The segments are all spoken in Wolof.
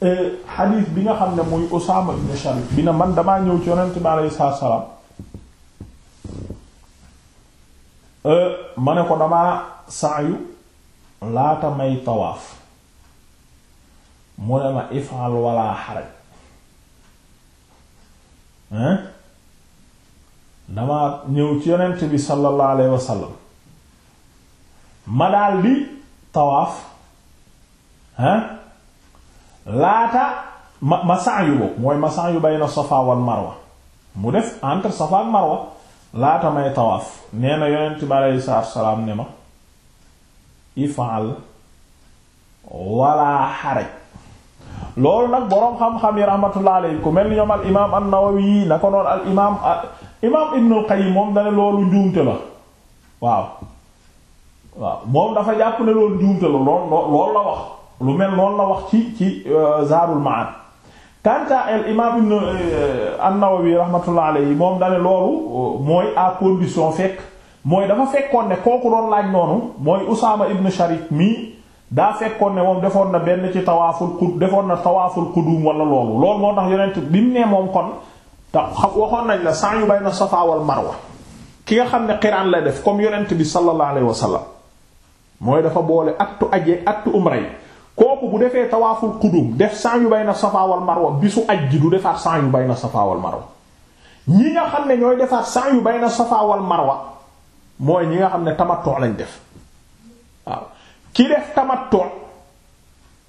xadiis euh, bi nga xam ne muy Usaama ibn Sharif bi na man damaa ñëw ci yonent bi alayhi salaatu euh, ma ne ko damaa sa'yu laata may tawaaf mu ma if'al wala xaraj ñëw ci yonent bi sallallahu alayhi wa ma daal di tawaaf hein laata ma masan yu boobu mooy masan yu bayna safa wal marwa mu def entre safa marwa laata may tawaaf nee na yonent bi salaam ne ma ifaal wala xaraj loolu nag boroom xam-xam yi rahmatullah alayhi ku mel ni ñoom al imaam an-Nawawi na noon al imaam imaam Ibnul moom la waaw waaw moom dafa jàpp ne loolu njuumte la lool loolu la wax lu mel noonu la wax ci ci euh, Zaadul Ma'aad kanta al imaam ibn euh, an-Nawawi rahmatullah alayhi moom dane loolu euh, mooy à condition fekk mooy dafa fekkoon ne kooku doon laaj noonu mooy Usaama ibn Sharik daa fekkoon ne moom defoon na benn ci tawaaful qud na tawaaful qudum wala loolu loolu moo bi mu ne moom kon ta waxoon nañ la sa'yu bayna Safa Marwa ki nga xam ne xiraan la def comme yonent bi sallallahu alayhi wa mooy dafa boole aktu aje aktu umra yi kooku bu defee tawaaful qudum def sa'i yu bay na wal marwa bisu aj ji du defaat san yu bay na wal marwa ñi nga xam ne ñooy defaat sa'i yu bayna na safaawal marwa mooy ñi nga xam ne tamattu lañ def waaw ki def tamattu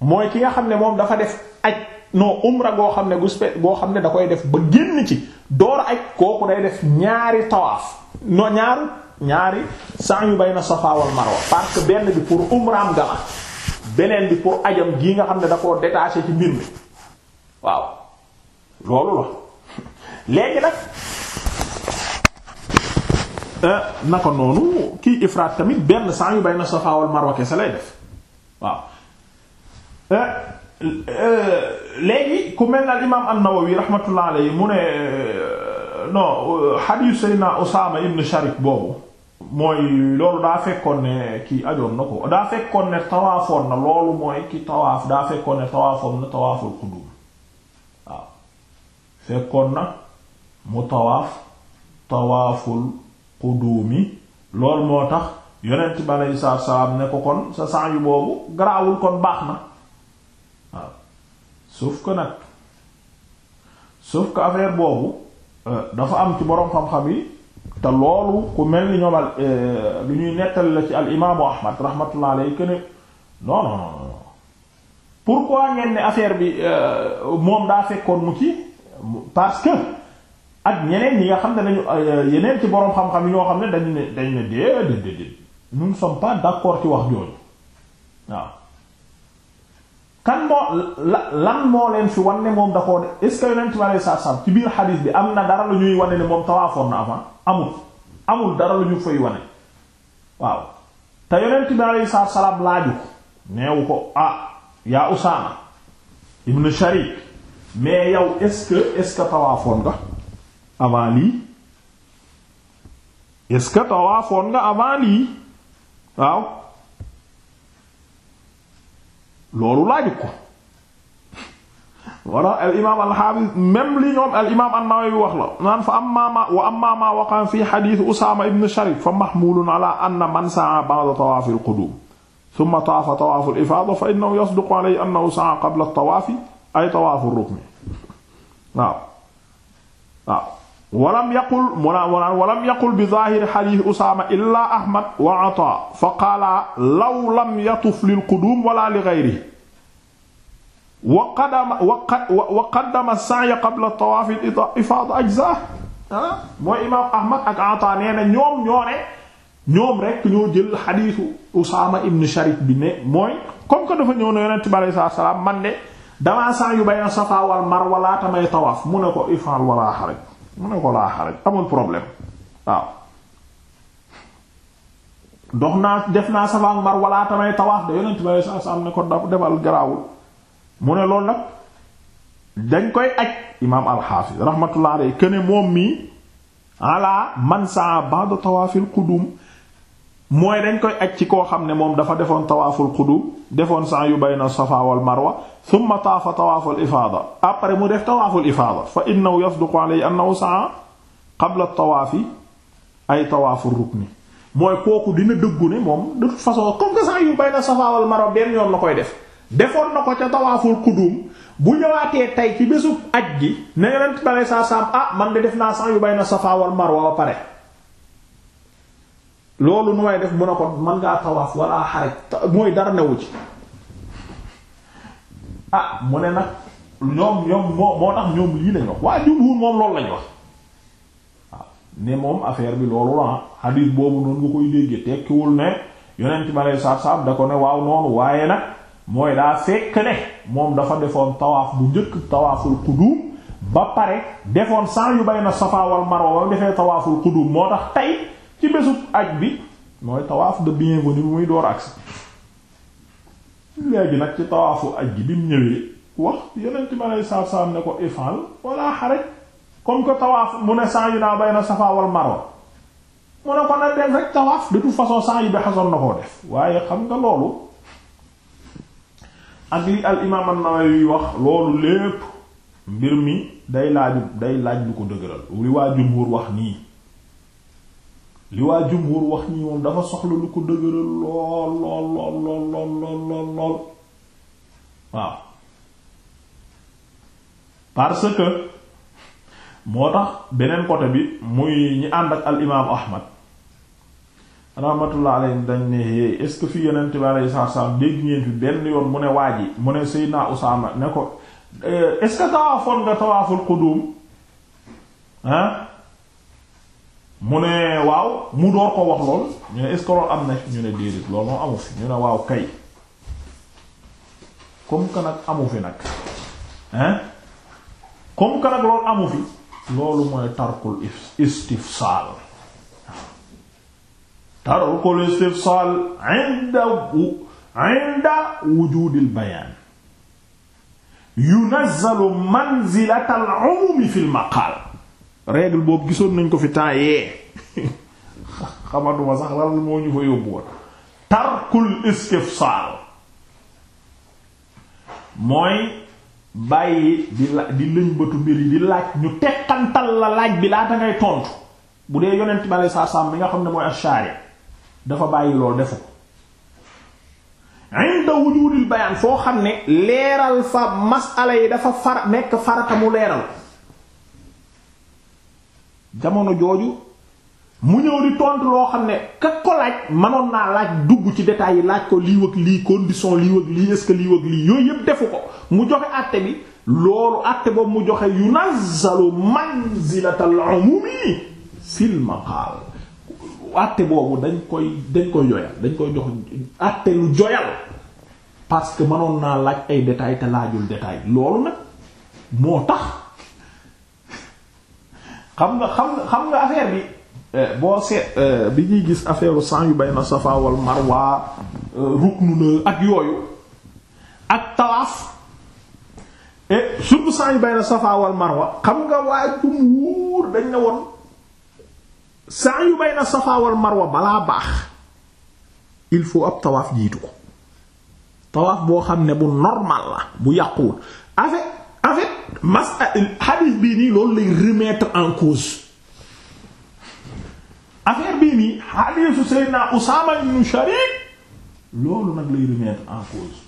mooy ki nga xam ne moom dafa def aj non umra goo xam ne gu spe goo xam ne da koy def ba génn ci door aj kooku day def ñaari tawaaf noo ñaaru ñaari sa'i yu bayna safa wal marwa parce que benn bi pour umraam gala beneen bi pour ajam gii nga xam ne da koo détaché ci mi loolu la léegi nag euh, naka noonu kii ifraat tamit benn saa yu bayna Safa wal Marwa kese lay waaw euh, euh, léegi ku mel na imaam an-Nawawi rahmatullah alayhi mu ne non xadiis Seydina Usaama ibn Sharik boobu mooy loolu daa fekkoon ne kii ajoon na ko daa fekkoon ne tawaafoon na loolu mooy ki tawaaf daa fekkoon ne tawaafoon na tawaaful xudum waaw fekkoon na mu tawaaf tawaaful xudumi loolu moo tax yonent bi aleyhi salaatu salaam ne ko kon sa sang yu boobu garaawul kon baax na waaw sauf que nag sauf que affaire boobu euh, dafa am ci boroom xam-xam yi te loolu ku mel ni ñoom al euh, lu ñuy nettal la ci al imaamu ahmad rahmatullah alayhi que ne non non non pourquoi ngeen ne affaire bi euh, moom daa fekkoon mu ci parce que ak ñeneen yi nga xam ne dañu euh, yeneen ci boroom xam-xam yi ñoo xam ne dañu ne dañu ne déedéet déedéet pas d'accord ci wax jooju waaw kan moo lan moo leen fi wan ne moom da koo de est-ce que yonent bi alayhi salaam ci biir xadiis bi am na dara lu ñuy wane ne moom tawaafoon na avant amul amul dara lu ñu fay wane waaw te yonent bi alayhi salaatu salaam laaju neewu ko ah yaa Usaama ibn Sharik mais yow est-ce que nga avant lii est-ce nga avant lii waaw loolu laaju ko wala al imaam al xaafis même li ñoom al imaam an-Nawawi wax la naan fa amma ma wa amma ma waqa fi xadiis Usaama ibn Sharif fa mahmulun ala anna man sa'a ba'da tawaaf al-quduum thumma taafa tawaaf al-ifaada fa innahu yasduqu alayhi annahu sa'a qabla at-tawaafi ay tawaaf ar-rukn waaw waaw walam yaqul mu naan mu naan walam yaqul bi zaahiri xadiis Usaama illaa Ahmad wa Ataa fa qaala law lam yatuf lil-quduum wala li ghayrihi wa qaddama wa qaddama sa'ya qabla tawaaf al-ifaada ajzaa mooy imaam Ahmad ak Ataa nee na ñoom ñoo ñoom rek ñoo jël xadiisu Usaama ibn Sharif bi ne mooy comme que dafa ñëw na Yonent bi alayhi wal Marwa laata may tawaaf mu ne ko if'al wa laa mu ne ko laa haraj amul problème dox naa def naa Safaa ak Marwa laata may tawaaf de Yonent bi alayhi salaatu salaam ne ko defal garaawul. mu ne loolu nag dañ koy aj imaam alxaafis rahmatullah këne moom mii ala man saa ba'da tawaafil qudum mooy dañ koy aj ci koo xam ne moom dafa defoon tawaaful qudum defoon saa yu bayna safa wal marwa thumma taafa tawaaful ifaada def tawaaful ifaada fa innahu yasduqu alayhi annahu saa qabla tawaafi ay tawaaful rukni mooy kooku dina dëggu ne moom de toute façon comme que yu bayna safa marwa benn yoon la koy def defoon na ko ca tawaaful kudum bu ñëwaatee tey ci bésu aj gi ne yonent bi saa saam ah man de def naa sax yu bay na Safa wal Marwa ba pare loolu nu may def mun a ko man ngaa tawaaf wala xaraj ah, mu ne nag ñoom ñoom moo moo tax ñoom lii lañ wax waa jumhur moom loolu lañ wax waaw ah, ne moom affaire bi loolu la xadiis boobu noonu nga koy déggee tekkiwul ne yonent bi saa saam da ko ne waaw noonu waaye nag mooy daa fekk ne moom dafa defoon tawaaf bu njëkk tawaaful quduum ba pare defoon sax yu bay na safa wal marwa ba defee tawaaful quduum moo tax tey ci bésub aj bi mooy tawaaf de bienvenue bu muy nag ci tawaafu aj bi mu ñëwee wax yeneen ci ma lay saaf saaf ne ko ifal wala xaraj comme que tawaaf mu ne sax yu naa bay na safa marwa mu ne ko na dem rek tawaaf de toute façon sax yi bi xasoon na koo def waaye xam nga loolu. ak li al imaam an-Nawawi wax loolu lépp mbir mi day laaj day laaj lu ko dëgëral li waa jumhur wax nii li waa jumhur wax nii moom dafa soxla lu ko dëgëral lool lool lool lool lool lool waaw parce que moo tax beneen côté bi muy ñi ànd ak al imaam Ahmad rahmatullah alayhi dañ ne é eh, est-ce que fi yenente bi alayhi salaatu dégg ngeen fi benn yoon mu ne waaj yi mu ne Seydina Usaama ne ko eh, est-ce que tawaafoon nga tawaaful qudum ah mu ne waaw mu door ko wax lool ñu ne est-ce que loolu amu fi ñu ne waaw kay comme que nag amu fi nag hein comme que nag loolu amu fi loolu mooy tarkul istifsaal tarkul istifsaal inda inda wujuudil bayaan yunazzalu manzilatal umumi fil gisoon nañ ko fi temps yee xamatuma sax lan moo ñu fa yóbbu woon tarkul mooy bàyyi di la di lëñbatu mbir yi di laaj ñu teqantal la laaj bi laata ngay tontu bu dee yonent bi aleyhi salaam bi nga xam ne mooy ashaari dafa bàyyi lool defu ko inda wujudil bayaan foo xam ne leeral fa masala yi dafa far nekk farata leeral jamono jooju mu ñëw di tontu loo xam ne ka ko laaj mënoon naa laaj dugg ci détails yi laaj ko lii wëg lii condition lii wëg lii est-ce que lii wëg lii yooyu yépp defu ko mu joxe àtte bi loolu àtte boobu mu joxe yunazzalu manzilatal umumi fil àtte boobu dañ koy dañ koy joyal dañ koy jox àtte lu joyal parce que mënoon naa laaj ay détails te laajul détail loolu nag moo tax xam nga xam nga xam nga affaire bi eh, boo seet eh, bi ñuy gis affaire sang yu bay na Safa wal Marwa eh, ruknu la ak yooyu ak tawaaf et surtout sang yu bay na Safa Marwa xam nga waa jumhuur dañ ne woon saa yu bayna safa wal balaa baax il faut ab tawaaf jiitu ko tawaaf boo xam ne bu normal la bu yàquwul en fait en fait euh, bii nii loolu lay remettre en cause affaire bii nii hadithu sayyidina Usaama ibn Sharik loolu nag lay remettre en cause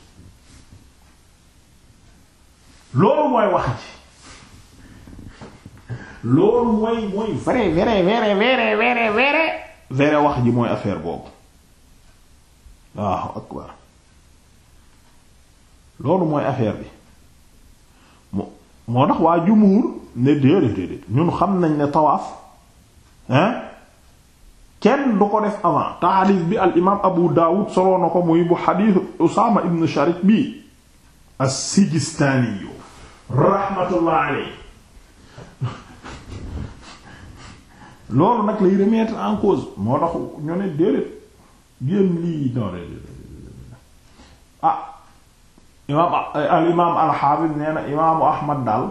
loolu mooy wax ci loolu mooy mooy vrai vrai vrai vrai vrai vrai vrai wax ji mooy affaire boobu waaw akbar loolu mooy affaire bi moo moo waa jumuur ne déedéet ñun xam nañ ne tawaaf hein kenn du ko def avant te xadiis bi al imaam abu daawud soloo ko muy bu xadiis usaama ibn sharik bi as-sijistaaniyu raxmatullah alayhi loolu nag lay remettre en cause moo tax ñu ne déedéet génn lii non ah imaam ah, al imaam alxaafis nee na imaamu ahmad daal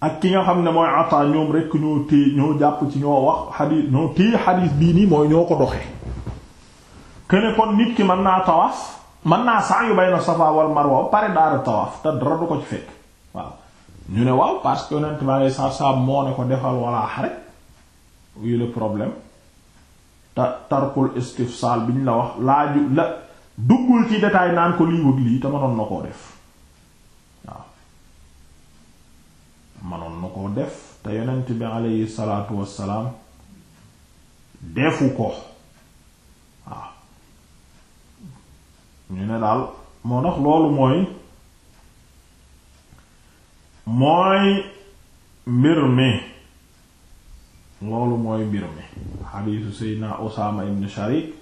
ak ki nga xam ne mooy ata ñoom rekk ñoo téye ñoo jàpp ci ñoo wax xadiis ñoo téye xadiis bii nii mooy ñoo ko doxe këne kon nit ki mën naa tawaaf mën naa sa'yu bayna safa wal marwa pare daara tawaaf te dara du ko ci fekk waaw ñu ne waaw parce que honnêtement les sarsam moo ne ko defal wala xare oui le problème ta tarkul istifsal bi ñu la wax laaju la duggul ci détail naan ko lii wëg lii te mënoon na koo def waaw mënoon na koo def te yonent bi aleyhi salaatu wassalaam defu ko waaw ñu ne daal moo tax loolu mooy mooy mbir mi loolu mooy mbir mi xadiisu seydna Usaama ibn Sharik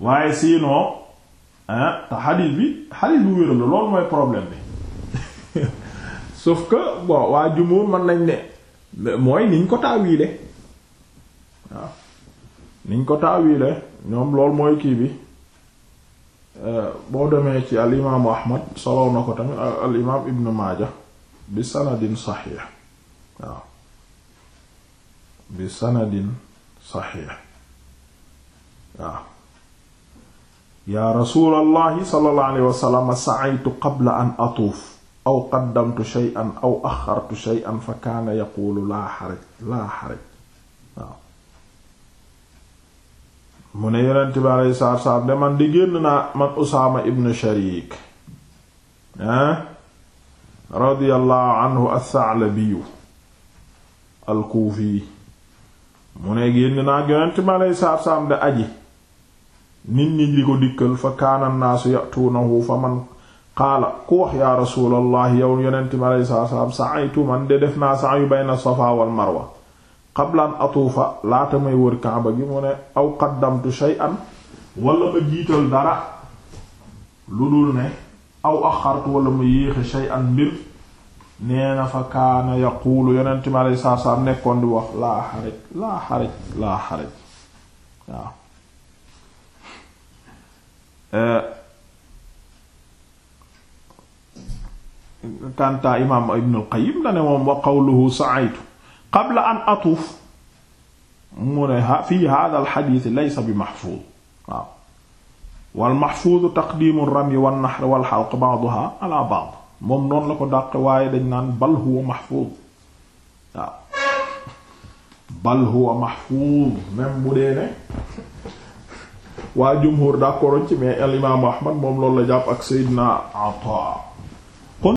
waaye sinon ah te xadiis bi xadiis bu wéral loolu mooy problème bi sauf que bon waa jumhur mën nañ ne mooy niñ ko taawiile niñ ko taawiile ñoom loolu mooy kii bi eh, boo demee ci al imaamu Ahmad solow na ko tamit al Ibn Maaja bi sanadin saxiix waaw bi sanadin saxiix waaw yaa rasuulallahi sallallahu alayhi wasallam sa'aytu qabla an atuuf aw qaddamtu shay'an aw axartu shay'an fa kaana yaquulu laa xaraj laa xaraj waaw mu ne yonent bi alayhi salaatu wa salaam de man di génn naa man Usaama ibn Shariik ah radiyallahu anhu as-Sa'labi al mu ne génn naa yonent mi aleyhi salaatu salaam aji nit ñi di ko dikkal fa kaana naasu ya'tuunahu fa man qaala ku wax yaa rasuulallah yow yonent mi aleyhi salaatu salaam man de def naa sa'yu bayna Safaa wal Marwa qabla atuufa laata may wër Kaaba gi mu ne aw qaddamtu shay'an wala ma jiital dara lu dul ne aw axartu wala mu yéexe shay'an mbir nee na fa kaana yaquulu yonent mi alayhi salaatu salaam nekkoon di wax laa xaraj laa xaraj laa xaraj waaw eh, kanta imaam ibnul qayyim dane moom wa qawluhu sa'aytu qabla an atuuf mu ne fii haadha al xadiis laysa bi maxfuuz waaw wal mahfuudu taqdiimu ramyi wa naxri wal xalq ba'duha ala ba'd moom noonu la ko dàq waaye dañ naan bal huwa mahfuud bal huwa mahfuud même bu dee ne waa jumhur d'accord ci mais al imaamu Ahmad moom loolu la jàpp ak Seydina Ataa